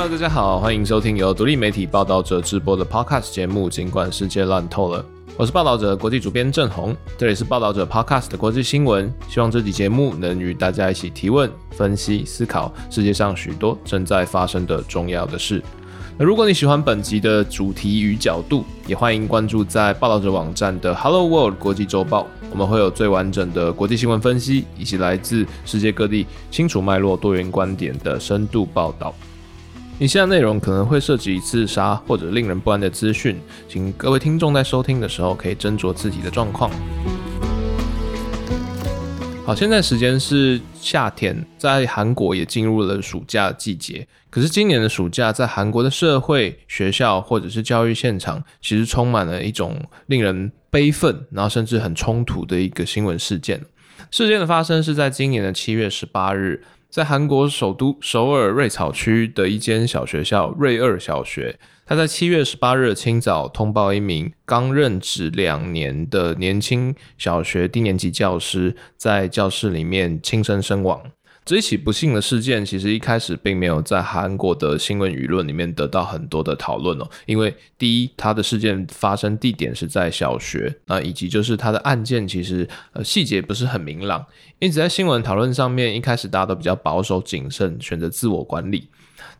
Hello，大家好，歡迎收聽由獨立媒體報導者製播的 Podcast 節目。儘管世界爛透了，我是報導者國際主編鎮宏，這裡是報導者 Podcast 的國際新聞。希望這集節目能與大家一起提問、分析、思考世界上許多正在發生的重要的事。那如果你喜歡本集的主題與角度，也歡迎關注在報導者網站的《Hello World》國際周報，我們會有最完整的國際新聞分析，以及來自世界各地清楚脈絡、多元觀點的深度報導。以下內容可能會涉及自殺或者令人不安的資訊，請各位聽眾在收聽的時候可以斟酌自己的狀況。好，現在時間是夏天，在韓國也進入了暑假的季節。可是今年的暑假，在韓國的社會、學校或者是教育現場，其實充滿了一種令人悲憤，然後甚至很衝突的一個新聞事件。事件的發生是在今年的七月十八日。在韓國首都首爾瑞草區的一間小學校，瑞二小學，他在七月十八日清早通報一名剛任職兩年的年輕小學低年級教師在教室裡面輕生身亡。這起不幸的事件其實一開始並沒有在韓國的新聞輿論裡面得到很多的討論哦，因為第一，他的事件發生地點是在小學，那以及就是他的案件其實呃細節不是很明朗，因此在新聞討論上面一開始大家都比較保守謹慎，選擇自我管理。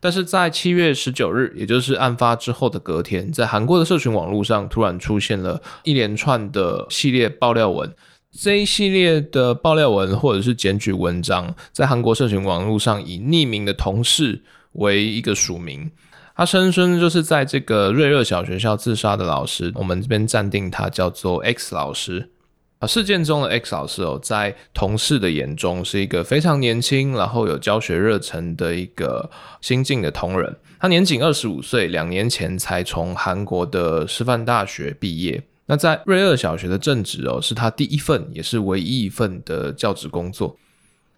但是在七月十九日，也就是案發之後的隔天，在韓國的社群網絡上突然出現了一連串的系列爆料文。這一系列的爆料文或者是檢舉文章，在韓國社群網絡上以匿名的同事為一個署名，他聲稱就是在這個瑞熱小學校自殺的老師，我們這邊暫定他叫做 X 老師啊。事件中的 X 老師哦，在同事的眼中是一個非常年輕，然後有教學熱忱的一個新進的同仁，他年僅二十五歲，兩年前才從韓國的師範大學畢業。那在瑞二小學的正職哦、喔，是他第一份也是唯一一份的教職工作。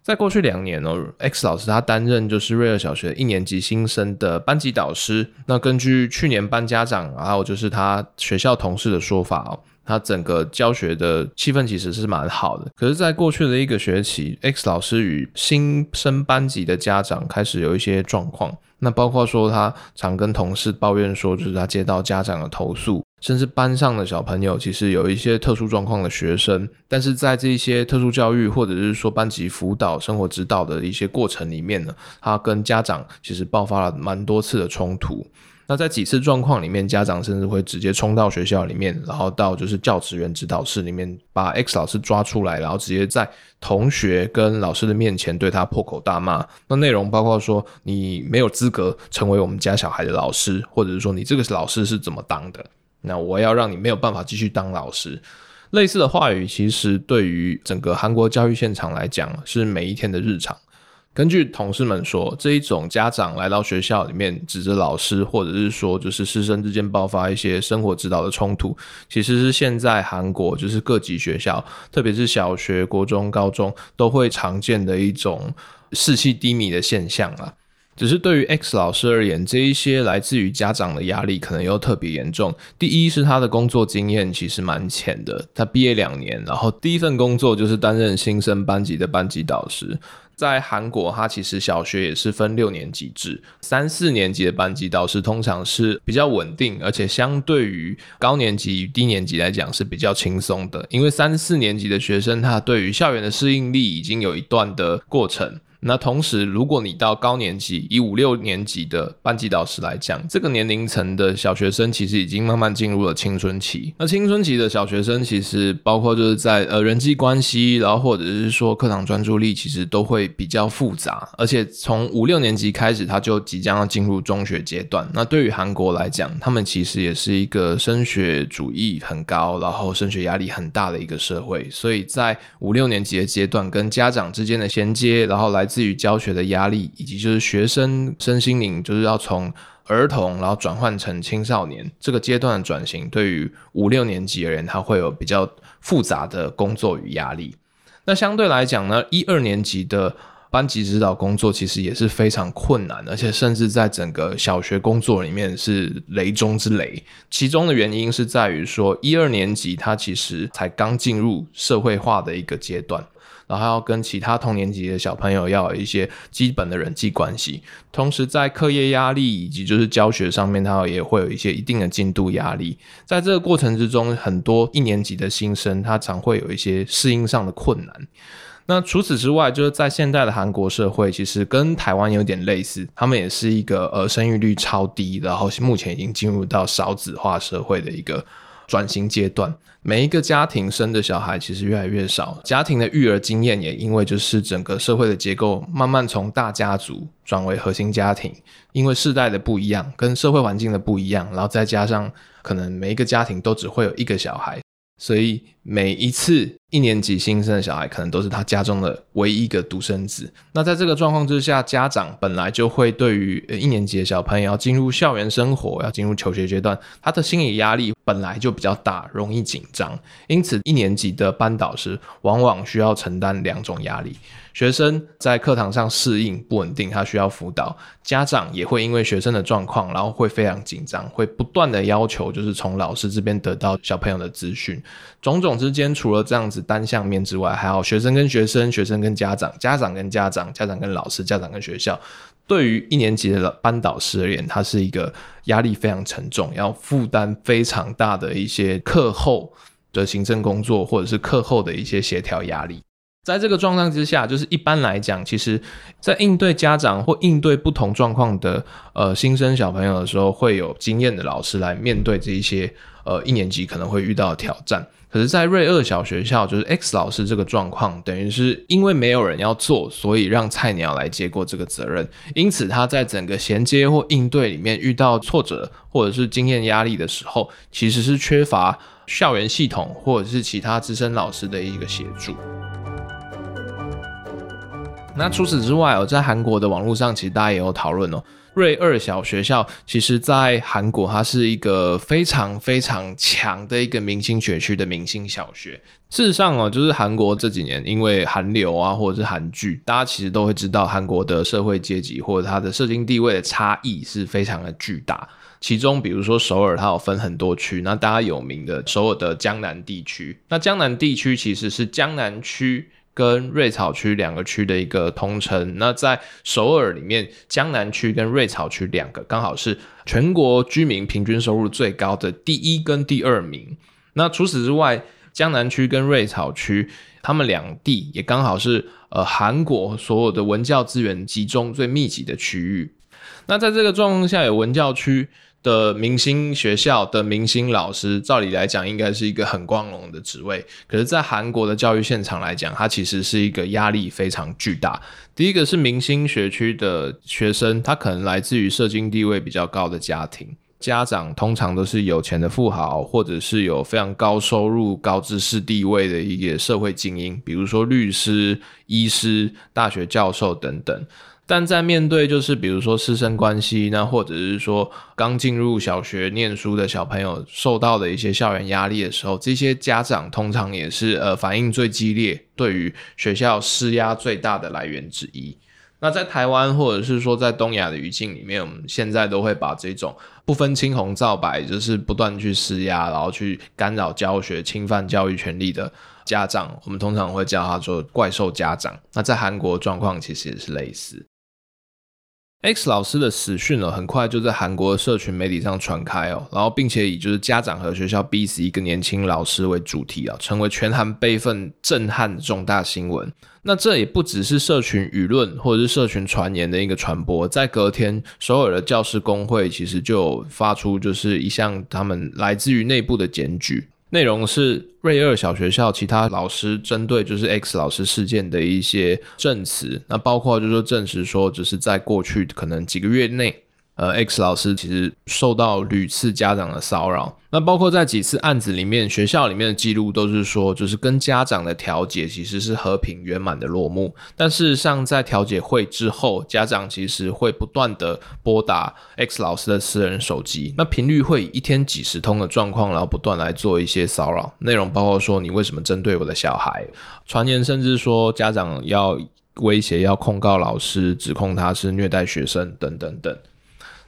在過去兩年哦、喔、，X 老師他擔任就是瑞二小學一年級新生的班級導師。那根據去年班家長、啊，還有就是他學校同事的說法哦、喔，他整個教學的氣氛其實是蠻好的。可是，在過去的一個學期，X 老師與新生班級的家長開始有一些狀況。那包括說他常跟同事抱怨說，就是他接到家長的投訴。甚至班上的小朋友其實有一些特殊狀況的學生，但是在這一些特殊教育或者是說班級輔導、生活指導的一些過程裡面呢，他跟家長其實爆發了蠻多次的衝突。那在幾次狀況裡面，家長甚至會直接衝到學校裡面，然後到就是教職員指導室裡面，把 X 老師抓出來，然後直接在同學跟老師的面前對他破口大罵。那內容包括說，你沒有資格成為我們家小孩的老師，或者是說你這個老師是怎麼當的？那我要讓你沒有辦法繼續當老師，類似的話語其實對於整個韓國教育現場來講是每一天的日常。根據同事們說，這一種家長來到學校裡面指着老師，或者是說就是師生之間爆發一些生活指導的衝突，其實是現在韓國就是各級學校，特別是小學、國中、高中都會常見的一種士氣低迷的現象啊。只是對於 X 老師而言，這一些來自於家長的壓力可能又特別嚴重。第一是他的工作經驗其實蠻淺的，他畢業兩年，然後第一份工作就是擔任新生班級的班級導師。在韓國，他其實小學也是分六年級制，三四年級的班級導師通常是比較穩定，而且相對於高年級與低年級來講是比較輕鬆的，因為三四年級的學生他對於校園的適應力已經有一段的過程。那同時，如果你到高年級，以五六年級的班級導師來講，這個年齡層的小學生其實已經慢慢進入了青春期。那青春期的小學生其實包括就是在呃人際關係，然後或者是說課堂專注力，其實都會比較複雜。而且從五六年級開始，他就即將要進入中學階段。那對於韓國來講，他們其實也是一個升學主義很高，然後升學壓力很大的一個社會。所以在五六年級的階段，跟家長之間的銜接，然後來。至於教學的壓力，以及就是學生身心靈，就是要從兒童然後轉換成青少年這個階段的轉型對，對於五六年級的人，他會有比較複雜的工作與壓力。那相對來講呢，一二年級的班級指導工作其實也是非常困難，而且甚至在整個小學工作裡面是雷中之雷。其中的原因是在於說，一二年級他其實才剛進入社會化的一個階段。然後要跟其他同年級的小朋友要有一些基本的人際關係，同時在課業壓力以及就是教學上面，他也會有一些一定的進度壓力。在這個過程之中，很多一年級的新生他常會有一些適應上的困難。那除此之外，就是在現在的韓國社會，其實跟台灣有點類似，他們也是一個呃生育率超低，然後目前已經進入到少子化社會的一個。轉型階段，每一個家庭生的小孩其實越來越少，家庭的育兒經驗也因為就是整個社會的結構慢慢從大家族轉為核心家庭，因為世代的不一樣，跟社會環境的不一樣，然後再加上可能每一個家庭都只會有一個小孩，所以，每一次一年級新生的小孩，可能都是他家中的唯一一個獨生子。那在這個狀況之下，家長本來就會對於一年級的小朋友要進入校園生活，要進入求學階段，他的心理壓力本來就比較大，容易緊張。因此，一年級的班導師往往需要承擔兩種壓力：學生在課堂上適應不穩定，他需要輔導；家長也會因為學生的狀況，然後會非常緊張，會不斷的要求，就是從老師這邊得到小朋友的資訊，種種。之間除了這樣子單向面之外，還有學生跟學生、學生跟家長、家長跟家長、家長跟老師、家長跟學校。對於一年級的班導師而言，他是一個壓力非常沉重，要負擔非常大的一些課後的行政工作，或者是課後的一些協調壓力。在這個狀況之下，就是一般來講，其實在應對家長或應對不同狀況的呃新生小朋友的時候，會有經驗的老師來面對這一些。呃，一年級可能會遇到挑戰，可是，在瑞二小學校，就是 X 老師這個狀況，等於是因為沒有人要做，所以讓菜鳥來接過這個責任。因此，他在整個銜接或應對裡面遇到挫折或者是經驗壓力的時候，其實是缺乏校園系統或者是其他資深老師的一個協助。那除此之外，哦，在韓國的網絡上，其實大家也有討論哦。瑞二小學校，其實，在韓國它是一個非常非常強的一個明星學區的明星小學。事實上哦、喔，就是韓國這幾年因為韓流啊，或者是韓劇，大家其實都會知道，韓國的社會階級或者它的社經地位的差異是非常的巨大。其中，比如說首爾，它有分很多區。那大家有名的首爾的江南地區，那江南地區其實是江南區跟瑞草區兩個區的一個通稱。那在首爾裡面，江南區跟瑞草區兩個剛好是全國居民平均收入最高的第一跟第二名。那除此之外，江南區跟瑞草區，他們兩地也剛好是呃韓國所有的文教資源集中最密集的區域。那在這個狀況下，有文教區。的明星學校的明星老師，照理來講應該是一個很光榮的職位，可是，在韓國的教育現場來講，它其實是一個壓力非常巨大。第一個是明星學區的學生，他可能來自於社經地位比較高的家庭，家長通常都是有錢的富豪，或者是有非常高收入、高知識地位的一個社會精英，比如說律師、醫師、大學教授等等。但在面對就是比如說師生關係，那或者是說剛進入小學念書的小朋友受到的一些校園壓力的時候，這些家長通常也是呃反應最激烈、對於學校施壓最大的來源之一。那在台灣或者是說在東亞的語境裡面，我們現在都會把這種不分青紅皂白，就是不斷去施壓，然後去干擾教學、侵犯教育權利的家長，我們通常會叫他做“怪獸家長”。那在韓國的狀況其實也是類似。X 老師的死訊呢，很快就在韓國的社群媒體上傳開哦，然後並且以就是家長和學校逼死一個年輕老師為主題啊，成為全韓悲憤震撼重大新聞。那這也不只是社群輿論或者是社群傳言的一個傳播，在隔天所有的教師工會其實就發出就是一項他們來自於內部的檢舉。內容是瑞二小學校其他老師針對就是 X 老師事件的一些證詞，那包括就是說證實說，只是在過去可能幾個月內。呃，X 老師其實受到屢次家長的騷擾。那包括在幾次案子裡面，學校裡面的記錄都是說，就是跟家長的調解其實是和平圓滿的落幕。但事實上在調解會之後，家長其實會不斷的撥打 X 老師的私人手機，那頻率會以一天幾十通的狀況，然後不斷來做一些騷擾。內容包括說，你為什麼針對我的小孩？傳言甚至說家長要威脅要控告老師，指控他是虐待學生等等等。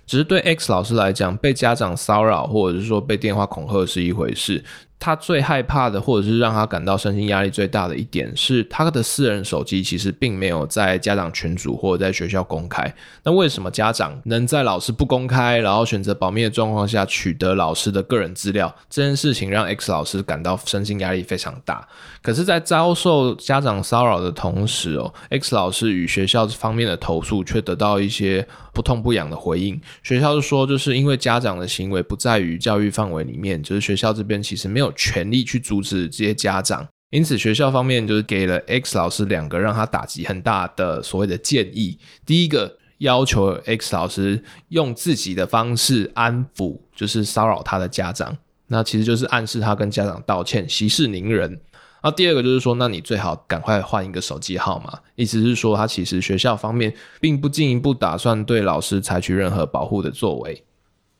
只是對 X 老師來講，被家長騷擾或者是說被電話恐嚇是一回事。他最害怕的，或者是讓他感到身心壓力最大的一點，是他的私人手機其實並沒有在家長群組或者在學校公開。那為什麼家長能在老師不公開，然後選擇保密的狀況下取得老師的個人資料？這件事情讓 X 老師感到身心壓力非常大。可是，在遭受家長騷擾的同時哦，X 老師與學校方面的投訴卻得到一些不痛不癢的回應。學校就說，就是因為家長的行為不在於教育範圍裡面，就是學校這邊其實沒有。權力去阻止這些家長，因此學校方面就是給了 X 老師兩個讓他打擊很大的所謂的建議。第一個要求 X 老師用自己的方式安撫，就是騷擾他的家長，那其實就是暗示他跟家長道歉，息事寧人。那第二個就是說，那你最好趕快換一個手機號碼，意思是說他其實學校方面並不進一步打算對老師採取任何保護的作為。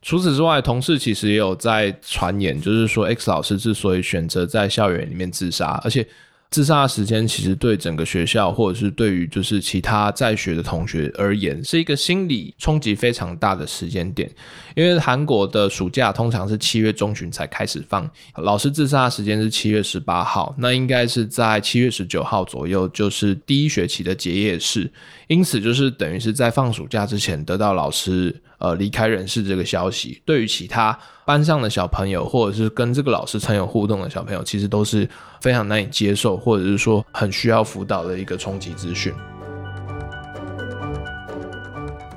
除此之外，同事其實也有在傳言，就是說，X 老師之所以選擇在校園裡面自殺，而且，自殺的時間其實對整個學校，或者是對於就是其他在學的同學而言，是一個心理衝擊非常大的時間點。因為韓國的暑假通常是七月中旬才開始放，老師自殺的時間是七月十八號，那應該是在七月十九號左右，就是第一學期的結業式。因此，就是等於是在放暑假之前得到老師呃離開人世這個消息，對於其他班上的小朋友，或者是跟這個老師曾有互動的小朋友，其實都是。非常難以接受，或者是說很需要輔導的一個衝擊資訊。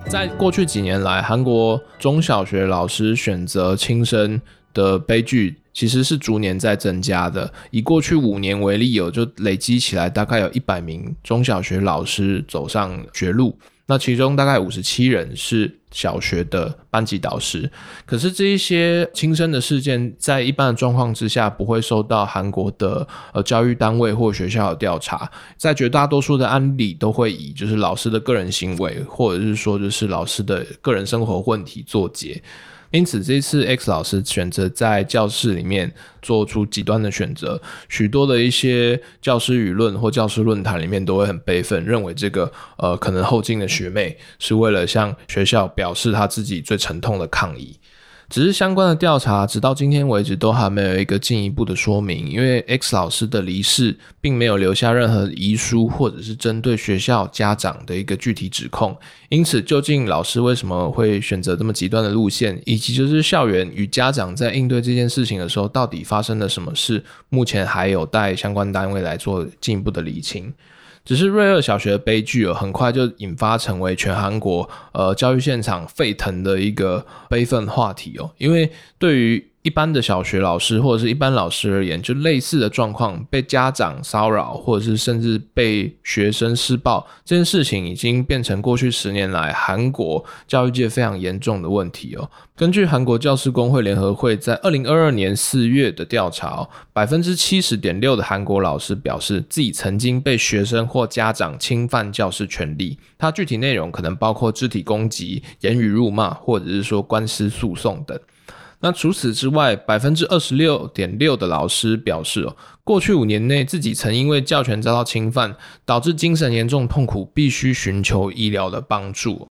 在過去幾年來，韓國中小學老師選擇輕生的悲劇其實是逐年在增加的。以過去五年為例，有就累積起來大概有一百名中小學老師走上絕路。那其中大概五十七人是小學的班級導師，可是這一些輕生的事件在一般的狀況之下不會受到韓國的呃教育單位或學校的調查，在絕大多數的案例都會以就是老師的個人行為或者是說就是老師的個人生活問題作結。因此，這次 X 老師選擇在教室裡面做出極端的選擇，許多的一些教師輿論或教師論壇裡面都會很悲憤，認為這個呃，可能後進的學妹是為了向學校表示他自己最沉痛的抗議。只是相關的調查，直到今天為止都還沒有一個進一步的說明。因為 X 老師的離世，並沒有留下任何遺書，或者是針對學校家長的一個具體指控。因此，究竟老師為什麼會選擇這麼極端的路線，以及就是校園與家長在應對這件事情的時候，到底發生了什麼事，目前還有待相關單位來做進一步的釐清。只是瑞二小學的悲劇哦，很快就引發成為全韓國呃教育現場沸騰的一個悲憤話題哦，因為對於。一般的小學老師或者是一般老師而言，就類似的狀況被家長騷擾，或者是甚至被學生施暴，這件事情已經變成過去十年來韓國教育界非常嚴重的問題哦。根據韓國教師工會聯合會在二零二二年四月的調查哦，百分之七十點六的韓國老師表示自己曾經被學生或家長侵犯教師權利。它具體內容可能包括肢體攻擊、言語辱罵，或者是說官司訴訟等。那除此之外，百分之二十六點六的老師表示，過去五年內自己曾因為教權遭到侵犯，導致精神嚴重痛苦，必須尋求醫療的幫助。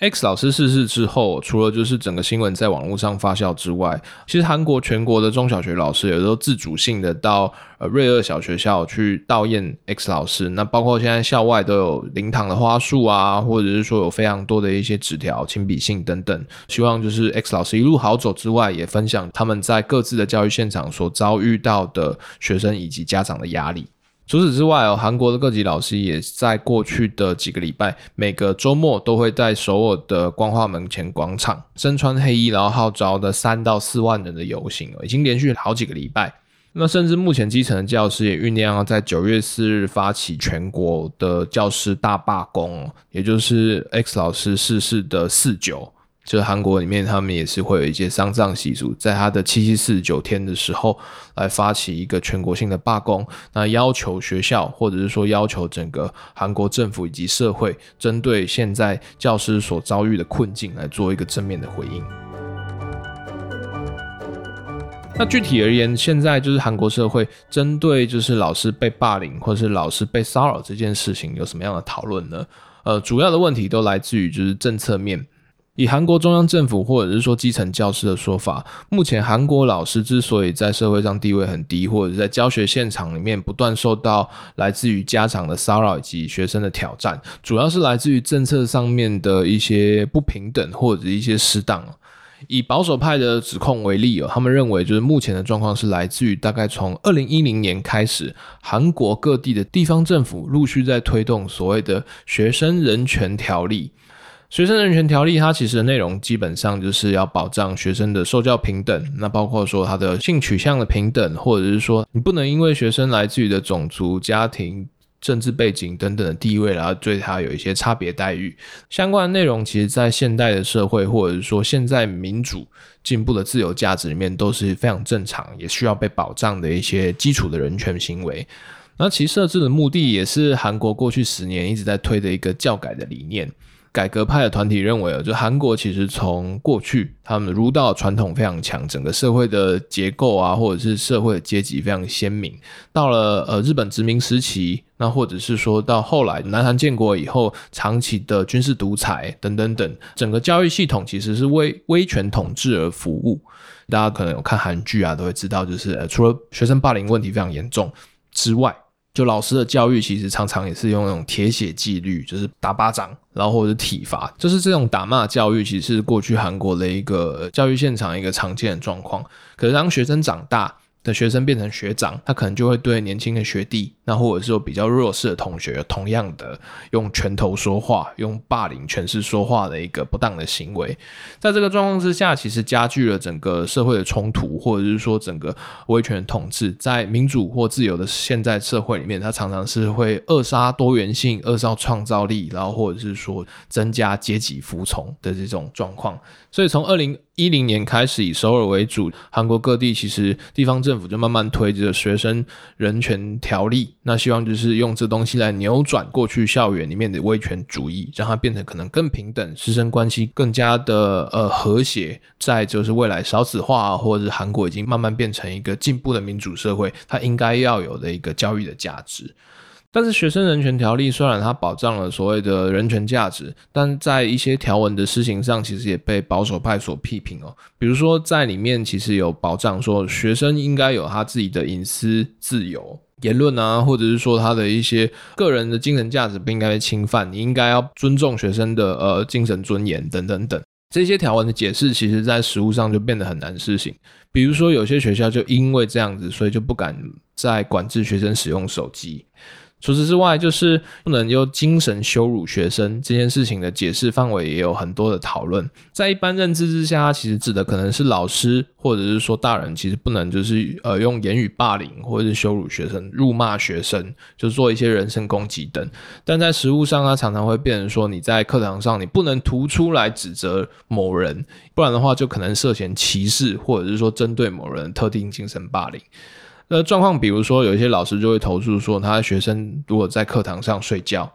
X 老師逝世之後，除了就是整個新聞在網絡上發酵之外，其實韓國全國的中小學老師也都自主性的到、呃、瑞二小學校去悼念 X 老師。那包括現在校外都有靈堂的花束啊，或者是說有非常多的一些紙條、親筆信等等，希望就是 X 老師一路好走之外，也分享他們在各自的教育現場所遭遇到的學生以及家長的壓力。除此之外哦，韓國的各級老師也在過去的幾個禮拜，每個周末都會在首爾的光化門前廣場身穿黑衣，然後號召的三到四萬人的遊行哦，已經連續好幾個禮拜。那甚至目前基層的教師也醞釀要在九月四日發起全國的教師大罷工，也就是 X 老師逝世的四九，就韓國裡面，他們也是會有一些喪葬習俗，在他的七七四十九天的時候，來發起一個全國性的罷工，那要求學校，或者是說要求整個韓國政府以及社會，針對現在教師所遭遇的困境來做一個正面的回應。那具體而言，現在就是韓國社會針對就是老師被霸凌或者是老師被騷擾這件事情，有什麼樣的討論呢？呃，主要的問題都來自於就是政策面。以韓國中央政府，或者是說基層教師的說法，目前韓國老師之所以在社會上地位很低，或者在教學現場裡面不斷受到來自於家長的騷擾以及學生的挑戰，主要是來自於政策上面的一些不平等或者一些失當。以保守派的指控為例哦，他們認為就是目前的狀況是來自於大概從二零一零年開始，韓國各地的地方政府陸續在推動所謂的學生人權條例。學生人權條例，它其實的內容基本上就是要保障學生的受教平等，那包括說他的性取向的平等，或者是說你不能因為學生來自於的種族、家庭、政治背景等等的地位，然後對他有一些差別待遇。相關的內容其實在現代的社會，或者是說現在民主進步的自由價值裡面都是非常正常，也需要被保障的一些基礎的人權行為。那其設置的目的，也是韓國過去十年一直在推的一個教改的理念。改革派的團體認為啊，就韓國其實從過去他們的儒道傳統非常強，整個社會的結構啊，或者是社會的階級非常鮮明。到了呃日本殖民時期，那或者是說到後來南韓建國以後，長期的軍事獨裁等等等，整個教育系統其實是為威權統治而服務。大家可能有看韓劇啊，都會知道，就是，呃，除了學生霸凌問題非常嚴重之外。就老師的教育，其實常常也是用那種鐵血紀律，就是打巴掌，然後或者是體罰，就是這種打罵教育，其實是過去韓國的一個教育現場一個常見的狀況。可是當學生長大的學生變成學長，他可能就會對年輕的學弟。那或者是有比較弱勢的同學，同樣的用拳頭說話，用霸凌詮釋說話的一個不當的行為，在這個狀況之下，其實加劇了整個社會的衝突，或者是說整個威權的統治，在民主或自由的現在社會裡面，它常常是會扼殺多元性，扼殺創造力，然後或者是說增加階級服從的這種狀況。所以從二零一零年開始，以首爾為主，韓國各地其實地方政府就慢慢推着學生人權條例。那希望就是用這東西來扭轉過去校園裡面的威權主義，讓它變成可能更平等，師生關係更加的呃和諧。在就是未來少子化，或者是韓國已經慢慢變成一個進步的民主社會，它應該要有的一個教育的價值。但是學生人權條例雖然它保障了所謂的人權價值，但在一些條文的施行上，其實也被保守派所批評哦。比如說在裡面其實有保障說學生應該有他自己的隱私自由。言論啊，或者是說他的一些個人的精神價值不應該被侵犯，你應該要尊重學生的呃精神尊嚴等等等這些條文的解釋，其實在實務上就變得很難實行。比如說，有些學校就因為這樣子，所以就不敢再管制學生使用手機。除此之外，就是不能用精神羞辱學生這件事情的解釋範圍也有很多的討論。在一般認知之下，它其實指的可能是老師或者是說大人，其實不能就是呃用言語霸凌或者是羞辱學生、辱罵學生，就做一些人身攻擊等。但在實務上，它常常會變成說，你在課堂上你不能突出來指責某人，不然的話就可能涉嫌歧視或者是說針對某人的特定精神霸凌。呃，狀況比如說，有一些老師就會投訴說，他學生如果在課堂上睡覺，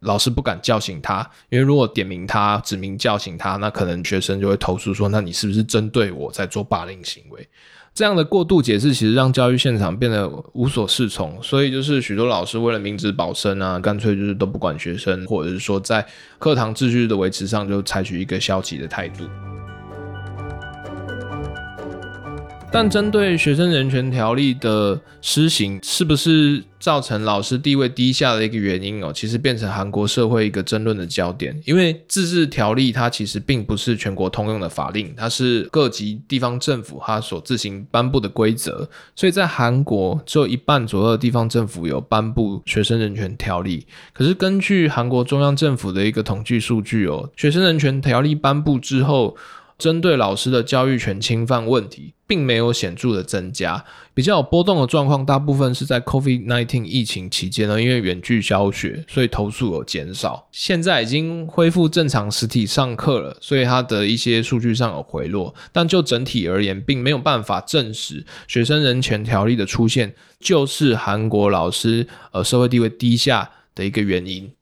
老師不敢叫醒他，因為如果點名他、指名叫醒他，那可能學生就會投訴說，那你是不是針對我在做霸凌行為？這樣的過度解釋其實讓教育現場變得無所適從，所以就是許多老師為了明哲保身啊，乾脆就是都不管學生，或者是說在課堂秩序的維持上就採取一個消極的態度。但針對學生人權條例的施行，是不是造成老師地位低下的一個原因哦？其實變成韓國社會一個爭論的焦點，因為自治條例它其實並不是全國通用的法令，它是各級地方政府它所自行頒布的規則，所以在韓國只有一半左右的地方政府有頒布學生人權條例。可是根據韓國中央政府的一個統計數據哦，學生人權條例頒布之後，針對老師的教育權侵犯問題，並沒有顯著的增加。比較有波動的狀況，大部分是在 COVID-19 疫情期間呢，因為遠距教學，所以投訴有減少。現在已經恢復正常實體上課了，所以它的一些數據上有回落。但就整體而言，並沒有辦法證實學生人權條例的出現就是韓國老師呃社會地位低下的一個原因。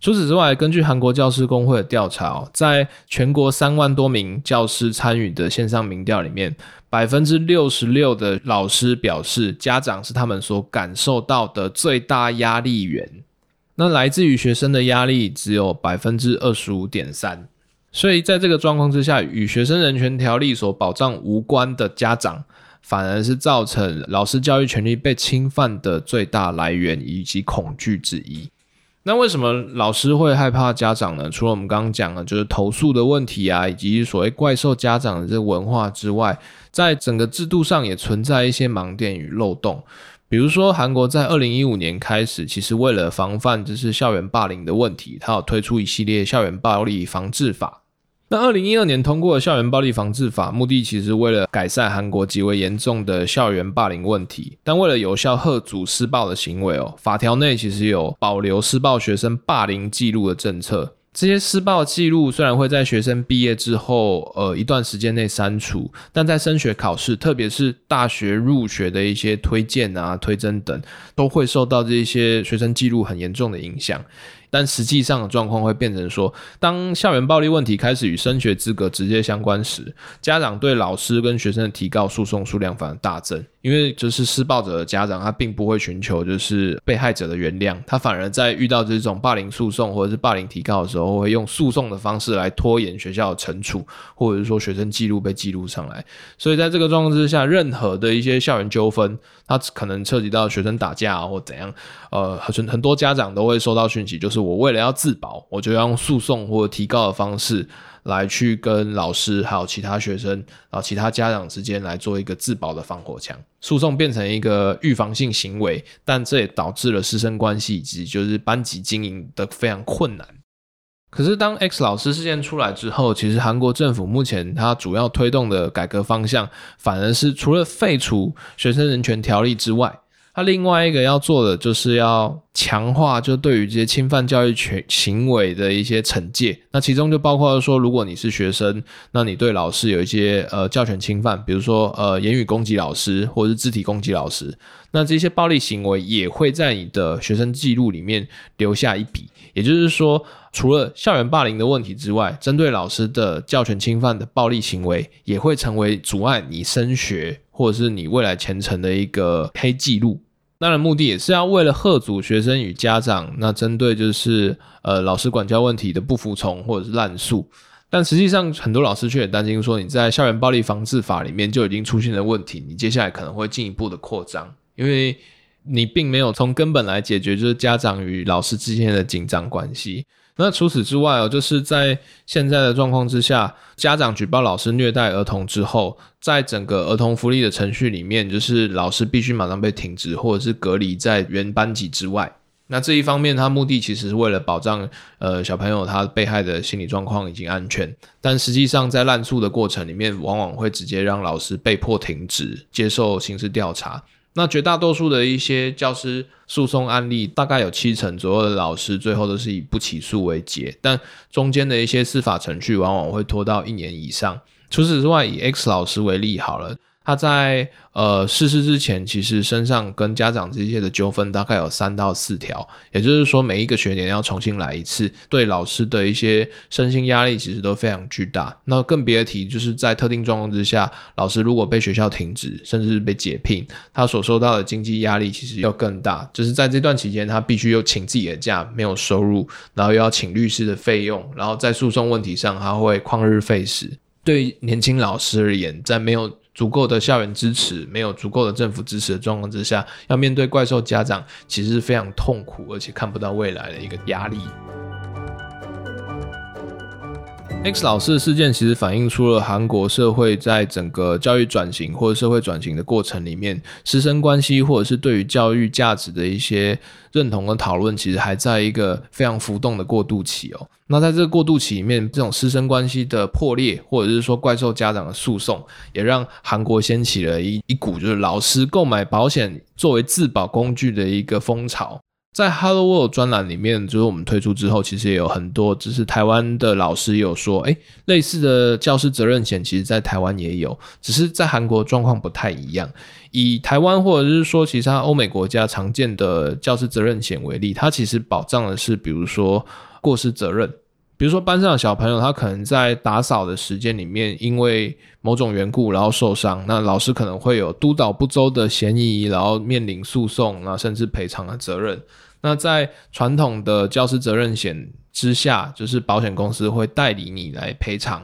除此之外，根據韓國教師工會的調查，在全國三萬多名教師參與的線上民調裡面，百分之六十六的老師表示，家長是他們所感受到的最大壓力源。那來自於學生的壓力只有百分之二十五點三。所以在這個狀況之下，與學生人權條例所保障無關的家長，反而是造成老師教育權利被侵犯的最大來源以及恐懼之一。那為什麼老師會害怕家長呢？除了我們剛剛講的，就是投訴的問題啊，以及所謂怪獸家長的這個文化之外，在整個制度上也存在一些盲點與漏洞。比如說，韓國在二零一五年開始，其實為了防範就是校園霸凌的問題，它有推出一系列校園暴力防治法。那二零一二年通過的校園暴力防治法，目的其實為了改善韓國極為嚴重的校園霸凌問題。但為了有效嚇阻施暴的行為哦，法條內其實有保留施暴學生霸凌記錄的政策。這些施暴記錄雖然會在學生畢業之後，呃一段時間內刪除，但在升學考試，特別是大學入學的一些推薦啊、推甄等，都會受到這些學生記錄很嚴重的影響。但實際上的狀況會變成說，當校園暴力問題開始與升學資格直接相關時，家長對老師跟學生的提告訴訟數量反而大增。因為就是施暴者的家長，他並不會尋求就是被害者的原諒，他反而在遇到這種霸凌訴訟或者是霸凌提告的時候，會用訴訟的方式來拖延學校的懲處，或者是說學生記錄被記錄上來。所以在這個狀況之下，任何的一些校園糾紛，他可能涉及到學生打架、啊、或怎樣，呃，很很多家長都會收到訊息，就是我為了要自保，我就要用訴訟或者提告的方式。來去跟老師還有其他學生啊，然後其他家長之間來做一個自保的防火牆，訴訟變成一個預防性行為，但這也導致了師生關係以及就是班級經營的非常困難。可是當 X 老師事件出來之後，其實韓國政府目前它主要推動的改革方向，反而是除了廢除學生人權條例之外。他、啊、另外一個要做的就是要強化，就對於這些侵犯教育權行為的一些懲戒。那其中就包括就是說，如果你是學生，那你對老師有一些呃教權侵犯，比如說呃言語攻擊老師，或者是肢體攻擊老師，那這些暴力行為也會在你的學生記錄裡面留下一筆。也就是說，除了校園霸凌的問題之外，針對老師的教權侵犯的暴力行為，也會成為阻礙你升學或者是你未來前程的一個黑記錄。那的目的也是要為了嚇阻學生與家長，那針對就是呃老師管教問題的不服從或者是濫訴，但實際上很多老師卻也擔心說你在校園暴力防治法裡面就已經出現了問題，你接下來可能會進一步的擴張，因為你並沒有從根本來解決就是家長與老師之間的緊張關係。那除此之外哦，就是在現在的狀況之下，家長舉報老師虐待兒童之後，在整個兒童福利的程序裡面，就是老師必須馬上被停職或者是隔離在原班級之外。那這一方面，他目的其實是為了保障呃小朋友他被害的心理狀況已經安全，但實際上在濫訴的過程裡面，往往會直接讓老師被迫停職，接受刑事調查。那絕大多數的一些教師訴訟案例，大概有七成左右的老師最後都是以不起訴為結，但中間的一些司法程序往往會拖到一年以上。除此之外，以 X 老師為例，好了。他在呃，逝世之前，其實身上跟家長這些的糾紛大概有三到四條，也就是說每一個學年要重新來一次，對老師的一些身心壓力其實都非常巨大。那更別提就是在特定狀況之下，老師如果被學校停職，甚至是被解聘，他所受到的經濟壓力其實要更大。就是在這段期間，他必須又請自己的假，沒有收入，然後又要請律師的費用，然後在訴訟問題上他會曠日費時。對年輕老師而言，在沒有足夠的校園支持，沒有足夠的政府支持的狀況之下，要面對怪獸家長，其實是非常痛苦，而且看不到未來的一個壓力。X 老師的事件其實反映出了韓國社會在整個教育轉型或者社會轉型的過程裡面，師生關係或者是對於教育價值的一些認同跟討論，其實還在一個非常浮動的過渡期哦。那在這個過渡期裡面，這種師生關係的破裂，或者是說怪獸家長的訴訟，也讓韓國掀起了一一股就是老師購買保險作為自保工具的一個風潮。在 Hello World 專欄裡面，就是我們推出之後，其實也有很多，就是台灣的老師也有說，哎、欸，類似的教師責任險，其實，在台灣也有，只是在韓國狀況不太一樣。以台灣或者是說其他歐美國家常見的教師責任險為例，它其實保障的是，比如說過失責任。比如說，班上的小朋友他可能在打掃的時間裡面，因為某種緣故，然後受傷，那老師可能會有督導不周的嫌疑，然後面臨訴訟，然後甚至賠償的責任。那在傳統的教師責任險之下，就是保險公司會代理你來賠償。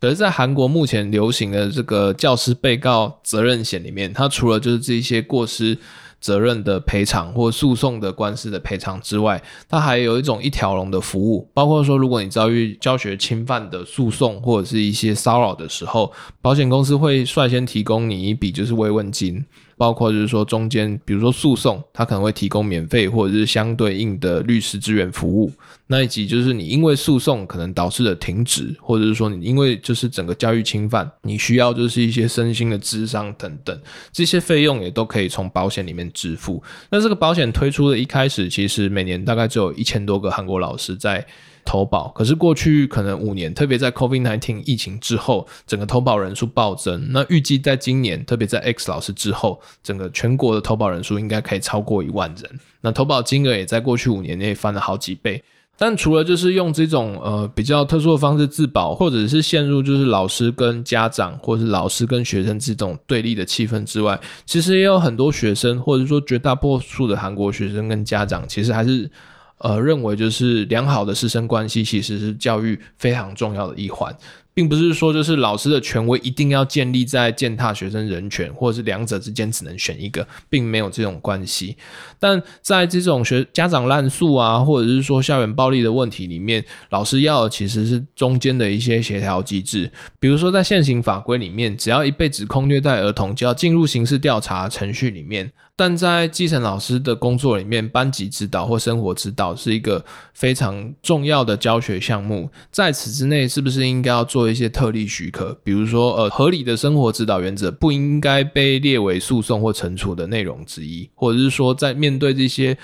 可是，在韓國目前流行的這個教師被告責任險裡面，它除了就是這些過失，責任的賠償或訴訟的官司的賠償之外，它還有一種一條龍的服務，包括說，如果你遭遇教學侵犯的訴訟或者是一些騷擾的時候，保險公司會率先提供你一筆就是慰問金。包括就是說中間，比如說訴訟，他可能會提供免費或者是相對應的律師資源服務。那以及就是你因為訴訟可能導致的停職，或者是說你因為就是整個教育侵犯，你需要就是一些身心的諮商等等，這些費用也都可以從保險裡面支付。那這個保險推出的一開始，其實每年大概只有一千多個韓國老師在投保，可是過去可能五年，特別在 COVID-19 疫情之後，整個投保人數暴增。那預計在今年，特別在 X 老師之後，整個全國的投保人數應該可以超過一萬人。那投保金額也在過去五年內翻了好幾倍。但除了就是用這種呃比較特殊的方式自保，或者是陷入就是老師跟家長，或者是老師跟學生這種對立的氣氛之外，其實也有很多學生，或者說絕大多數的韓國學生跟家長，其實還是。呃，認為就是良好的師生關係其實是教育非常重要的一環。並不是說就是老師的權威一定要建立在踐踏學生人權，或者是兩者之間只能選一個，並沒有這種關係。但在這種學家長濫訴啊，或者是說校園暴力的問題裡面，老師要的其實是中間的一些協調機制。比如說在現行法規裡面，只要一被指控虐待兒童，就要進入刑事調查程序裡面。但在基層老師的工作裡面，班級指導或生活指導是一個非常重要的教學項目，在此之內，是不是應該要做？一些特例許可，比如說，呃，合理的生活指導原則不應該被列為訴訟或懲處的內容之一，或者是說，在面對這些，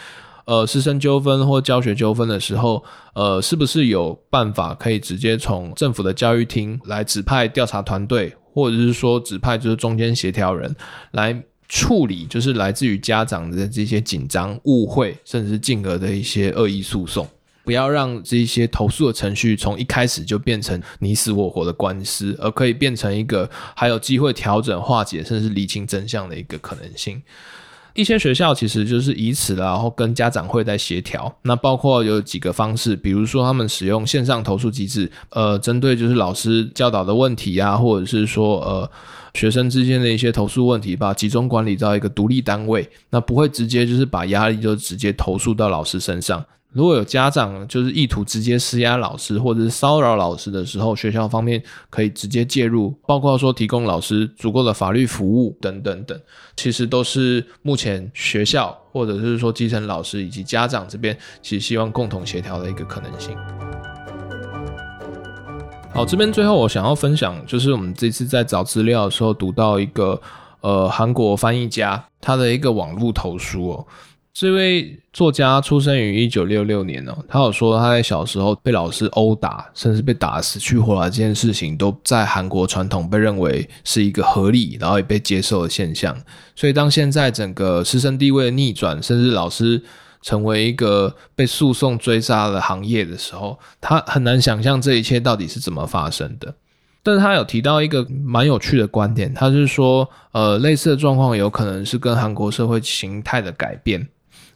呃，師生糾紛或教學糾紛的時候，呃，是不是有辦法可以直接從政府的教育廳來指派調查團隊，或者是說指派就是中間協調人來處理，就是來自於家長的這些緊張、誤會，甚至是進而的一些惡意訴訟。不要讓這些投訴的程序從一開始就變成你死我活的官司，而可以變成一個還有機會調整、化解，甚至理清真相的一個可能性。一些學校其實就是以此，然後跟家長會在協調。那包括有幾個方式，比如說他們使用線上投訴機制，呃，針對就是老師教導的問題啊，或者是說呃學生之間的一些投訴問題吧，集中管理到一個獨立單位，那不會直接就是把壓力就直接投訴到老師身上。如果有家長就是意圖直接施壓老師或者是騷擾老師的時候，學校方面可以直接介入，包括說提供老師足夠的法律服務等等等，其實都是目前學校或者是說基層老師以及家長這邊其實希望共同協調的一個可能性。好，這邊最後我想要分享，就是我們這次在找資料的時候讀到一個呃韓國翻譯家，他的一個網絡投書哦、喔。這位作家出生於一九六六年哦，他有說他在小時候被老師毆打，甚至被打死去活來這件事情，都在韓國傳統被認為是一個合理，然後也被接受的現象。所以，當現在整個師生地位的逆轉，甚至老師成為一個被訴訟追殺的行業的時候，他很難想象這一切到底是怎麼發生的。但是他有提到一個蠻有趣的觀點，他是說，呃，類似的狀況有可能是跟韓國社會形態的改變。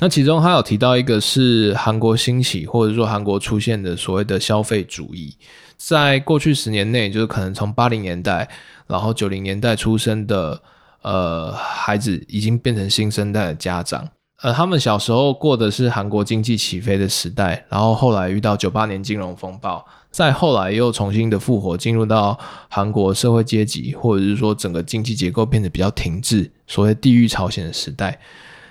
那其中他有提到一個是韓國興起，或者說韓國出現的所謂的消費主義，在過去十年內，就是可能從八零年代，然後九零年代出生的呃孩子，已經變成新生代的家長。呃，他們小時候過的是韓國經濟起飛的時代，然後後來遇到九八年金融風暴，再後來又重新的復活，進入到韓國社會階級，或者是說整個經濟結構變得比較停滯，所謂“地獄朝鮮”的時代。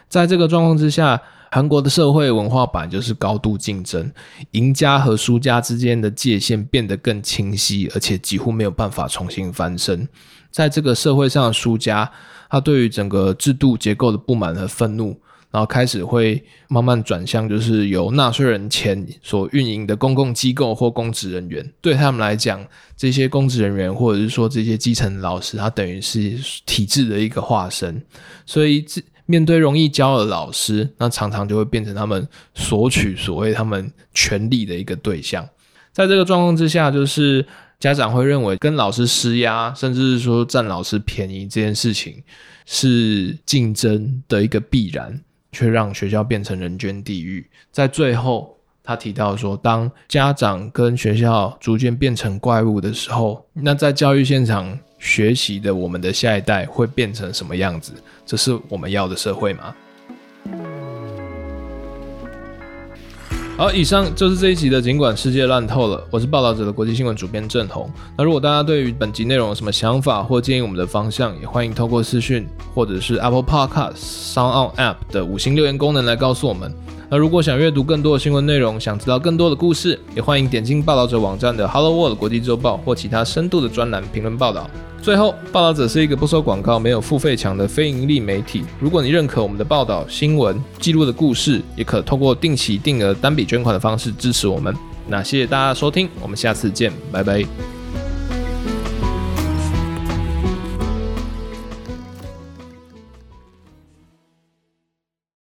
在這個狀況之下，韓國的社會文化本來就是高度競爭，贏家和輸家之間的界限變得更清晰，而且幾乎沒有辦法重新翻身。在這個社會上的輸家，他對於整個制度結構的不滿和憤怒，然後開始會慢慢轉向，就是由納稅人錢所運營的公共機構或公職人員。對他們來講，這些公職人員或者是說這些基層老師，他等於是體制的一個化身，所以這面對容易教的老師，那常常就會變成他們索取所謂他們權利的一個對象。在這個狀況之下，就是家長會認為跟老師施壓，甚至是說占老師便宜這件事情，是競爭的一個必然，卻讓學校變成人間地獄。在最後，他提到說，當家長跟學校逐漸變成怪物的時候，那在教育現場，學習的我們的下一代會變成什麼樣子？這是我們要的社會嗎？好，以上就是這一集的《儘管世界爛透了》，我是報道者的國際新聞主編鎮宏。那如果大家對於本集內容有什麼想法或建議，我們的方向也歡迎透過私訊或者是 Apple Podcast SoundOn App 的五星留言功能來告訴我們。那如果想閱讀更多的新聞內容，想知道更多的故事，也歡迎點進報道者網站的《Hello World》國際週報或其他深度的專欄評論報道。最後，報道者是一個不收廣告、沒有付費牆的非盈利媒體。如果你認可我們的報道、新聞記錄的故事，也可透過定期定額單筆捐款的方式支持我們。那謝謝大家收聽，我們下次見，拜拜。